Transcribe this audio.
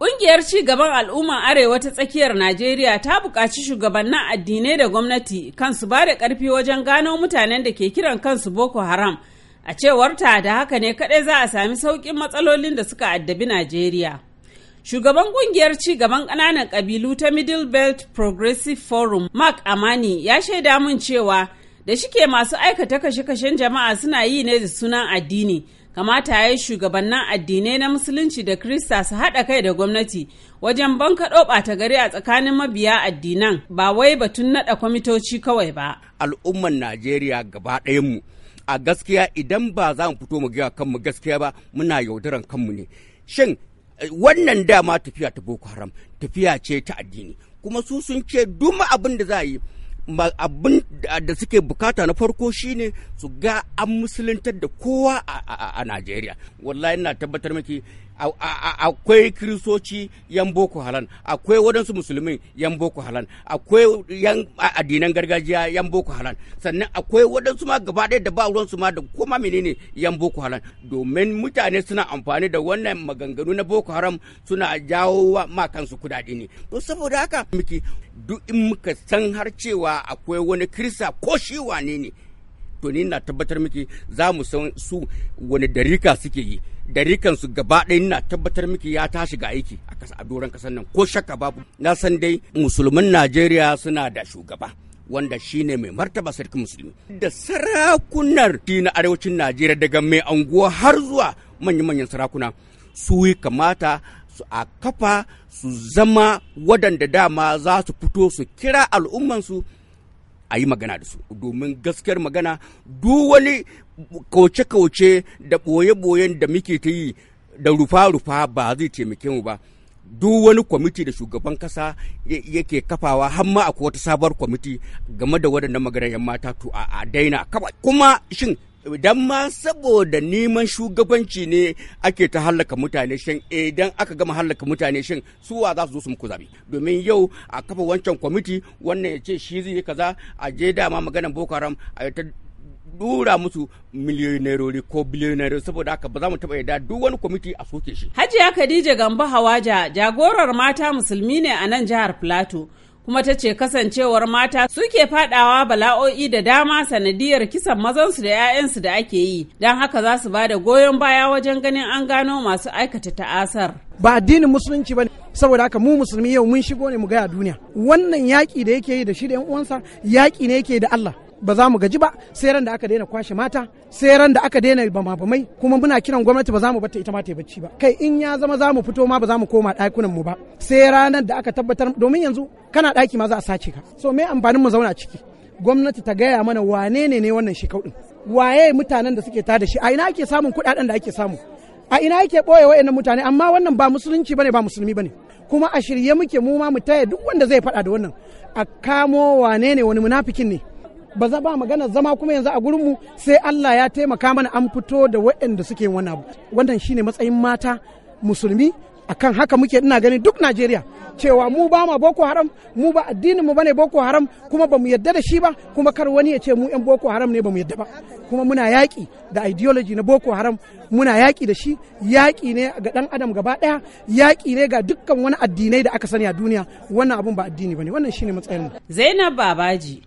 Ƙungiyar ci gaban al'ummar Arewa ta tsakiyar Najeriya ta buƙaci shugabannin addinai da gwamnati kansu ba da ƙarfi wajen gano mutanen da ke kiran kansu Boko Haram. A cewar ta da haka ne kaɗai za a sami sauƙin matsalolin da suka addabi Najeriya. Shugaban ƙungiyar ci gaban ƙananan ƙabilu ta Middle Belt Progressive Forum, Mark Amani, ya shaida mun cewa da shike masu aikata kashe-kashen jama'a suna yi ne da sunan addini. kamata ya yi shugabannin addinai na musulunci da krista su haɗa kai da gwamnati wajen bankaɗo ɓata gari a tsakanin mabiya addinan ba wai batun naɗa kwamitoci kawai ba al'umman najeriya gaba mu a gaskiya idan ba za mu fito mu gaya kanmu gaskiya ba muna yaudaran kanmu ne shin eh, wannan dama tafiya ta boko haram tafiya ce ta addini kuma su sun ce duma abin da za a yi abin da suke bukata na farko shine su ga an musuluntar da kowa a Najeriya wallahi ina tabbatar miki akwai kiristoci yan boko halan akwai waɗansu musulmi yan boko halan akwai yan addinan gargajiya yan boko halan sannan akwai waɗansu ma gaba ɗaya da ba ruwansu ma da koma menene yan boko halan domin mutane suna amfani da wannan maganganu na boko haram suna jawo ma kansu kudade ne to saboda haka miki duk in muka san har cewa akwai wani kirista ko shi wane ne to ni na tabbatar miki za mu san su wani darika suke yi darikan su gaba ɗaya na tabbatar miki ya tashi ga aiki a kasa a doron kasar nan ko shakka babu na san dai musulmin Najeriya suna da shugaba wanda shine mai martaba sarki musulmi da sarakunar shi na arewacin Najeriya daga mai anguwa har zuwa manya-manyan sarakuna su yi kamata su a kafa su zama wadanda dama za su fito su kira al'ummansu a yi magana da su domin gaskiyar magana duk wani kauce-kauce da ɓoye-ɓoyen da muke ta yi da rufa-rufa ba zai taimake mu ba duk wani kwamiti da shugaban kasa yake kafawa har ma akwai wata sabuwar kwamiti game da waɗannan maganar 'yan mata to a daina kuma shin don ma saboda neman shugabanci ne ake ta hallaka mutane shin idan aka gama hallaka mutane shin suwa za su zo su muku zabe domin yau a kafa wancan kwamiti wannan ya ce shi zai yi kaza a je dama maganan boko haram a ta dura musu miliyonerori ko biliyoneri saboda haka ba za mu taɓa yadda duk wani kwamiti a soke shi. Hajiya Khadija Gambo Hawaja jagorar mata musulmi ne a nan jihar Plateau. kuma ta ce kasancewar mata suke fadawa bala'o'i da dama sanadiyar kisan mazansu da 'ya'yansu da ake yi don haka za su ba da goyon baya wajen ganin an gano masu aikata ta'asar ba addinin musulunci ba saboda haka mu musulmi yau mun shigo ne mu gaya duniya wannan yaƙi da yake yi da shi da 'yan uwansa yaƙi ne yake da Allah ba za mu gaji ba sai ran da aka daina kwashe mata sai ran da aka daina bama bamai kuma muna kiran gwamnati ba za mu bata ita ma ta bacci ba kai in ya zama za mu fito ma ba za mu koma ɗakunan mu ba sai ranar da aka tabbatar domin yanzu kana ɗaki ma za a sace ka so me amfanin mu zauna ciki gwamnati ta gaya mana wane ne ne wannan shekau din waye mutanen da suke tada shi a ina ake samun kuɗaɗen da ake samu a ina yake ɓoye wa'annan mutane amma wannan ba musulunci bane ba musulmi bane kuma a shirye muke mu ma mu taya duk wanda zai faɗa da wannan a kamo wane ne wani munafikin ne ba za ba magana zama kuma yanzu a gurinmu sai Allah ya taimaka mana an fito da waɗanda suke wannan abu wannan shine matsayin mata musulmi akan haka muke ina gani duk Najeriya cewa mu ba ma Boko Haram mu ba addinin mu bane Boko Haram kuma bamu yadda da shi ba kuma kar wani ya ce mu yan Boko Haram ne bamu yadda ba kuma muna yaƙi da ideology na Boko Haram muna yaƙi da shi yaƙi ne ga dan adam gaba ɗaya yaƙi ne ga dukkan wani addinai da aka sani a duniya wannan abun ba addini bane wannan shine matsayin Zainab Babaji